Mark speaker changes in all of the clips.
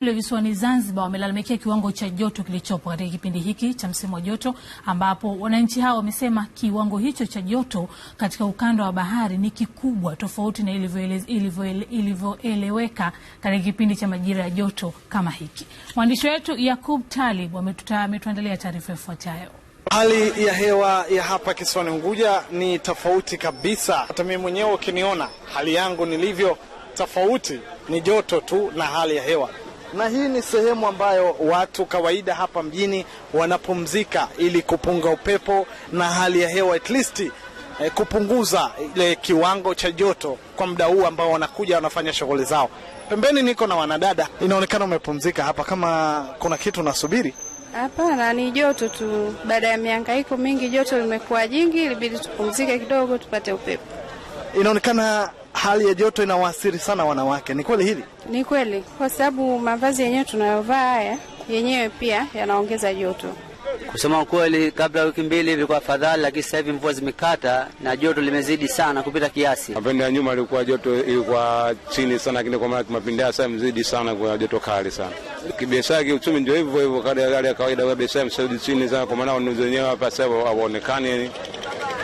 Speaker 1: Kule visiwani Zanzibar wamelalamikia kiwango cha joto kilichopo katika kipindi hiki cha msimu wa joto, ambapo wananchi hao wamesema kiwango hicho cha joto katika ukanda wa bahari ni kikubwa tofauti na ilivyoeleweka katika kipindi cha majira ya joto kama hiki. Mwandishi wetu Yakub Talib ametuandalia taarifa ifuatayo.
Speaker 2: Hali ya hewa ya hapa kisiwani Unguja ni tofauti kabisa. Hata mimi mwenyewe ukiniona hali yangu nilivyo tofauti, ni joto tu na hali ya hewa na hii ni sehemu ambayo watu kawaida hapa mjini wanapumzika ili kupunga upepo na hali ya hewa at least eh, kupunguza ile kiwango cha joto kwa muda huu ambao wanakuja wanafanya shughuli zao. Pembeni niko na wanadada,
Speaker 3: inaonekana umepumzika hapa, kama kuna kitu nasubiri
Speaker 4: Hapana, ni joto tu. Baada ya mihangaiko mingi, joto limekuwa jingi, ilibidi tupumzike kidogo, tupate upepo.
Speaker 3: Inaonekana hali ya joto inawaathiri sana wanawake. Ni kweli hili?
Speaker 4: Ni kweli, kwa sababu mavazi yenyewe tunayovaa haya yenyewe pia yanaongeza joto.
Speaker 5: Kusema kweli, kabla wiki mbili ilikuwa afadhali, lakini sasa hivi mvua zimekata na joto limezidi sana kupita kiasi.
Speaker 6: Mapindi ya nyuma ilikuwa joto ilikuwa chini sana, lakini kwa maana mapindi sasa imezidi sana kwa joto kali sana. Kibiashara, kiuchumi ndio hivyo hivyo, hali ya kawaida ya biashara msaidi chini sana, kwa maana wanunuzi wenyewe hapa sasa hawaonekani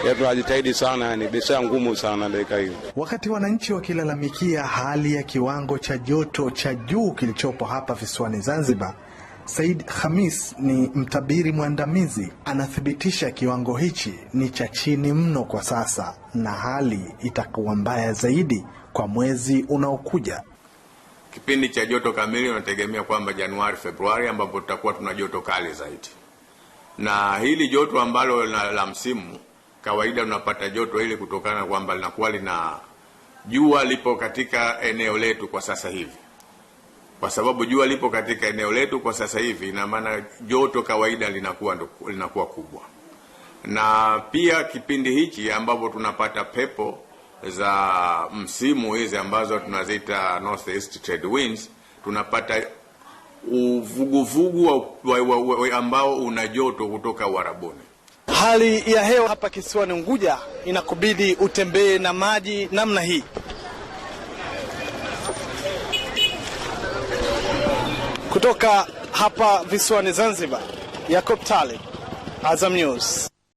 Speaker 6: ya tunajitahidi sana, ni biashara ngumu sana dakika hiyo.
Speaker 7: Wakati wananchi wakilalamikia hali ya kiwango cha joto cha juu kilichopo hapa visiwani Zanzibar, Said Khamis ni mtabiri mwandamizi, anathibitisha kiwango hichi ni cha chini mno kwa sasa na hali itakuwa mbaya zaidi kwa mwezi unaokuja.
Speaker 8: Kipindi cha joto kamili unategemea kwamba Januari, Februari, ambapo tutakuwa tuna joto kali zaidi, na hili joto ambalo la, la msimu kawaida unapata joto ile kutokana kwamba linakuwa lina jua lipo katika eneo letu kwa sasa hivi. Kwa sababu jua lipo katika eneo letu kwa sasa hivi, ina maana joto kawaida linakuwa linakuwa kubwa, na pia kipindi hichi ambapo tunapata pepo za msimu hizi ambazo tunaziita northeast trade winds, tunapata uvuguvugu ambao una joto kutoka Uarabuni.
Speaker 9: Hali ya hewa hapa kisiwani Unguja inakubidi utembee na maji namna hii. Kutoka hapa visiwani Zanzibar, Yakob Talib, Azam News.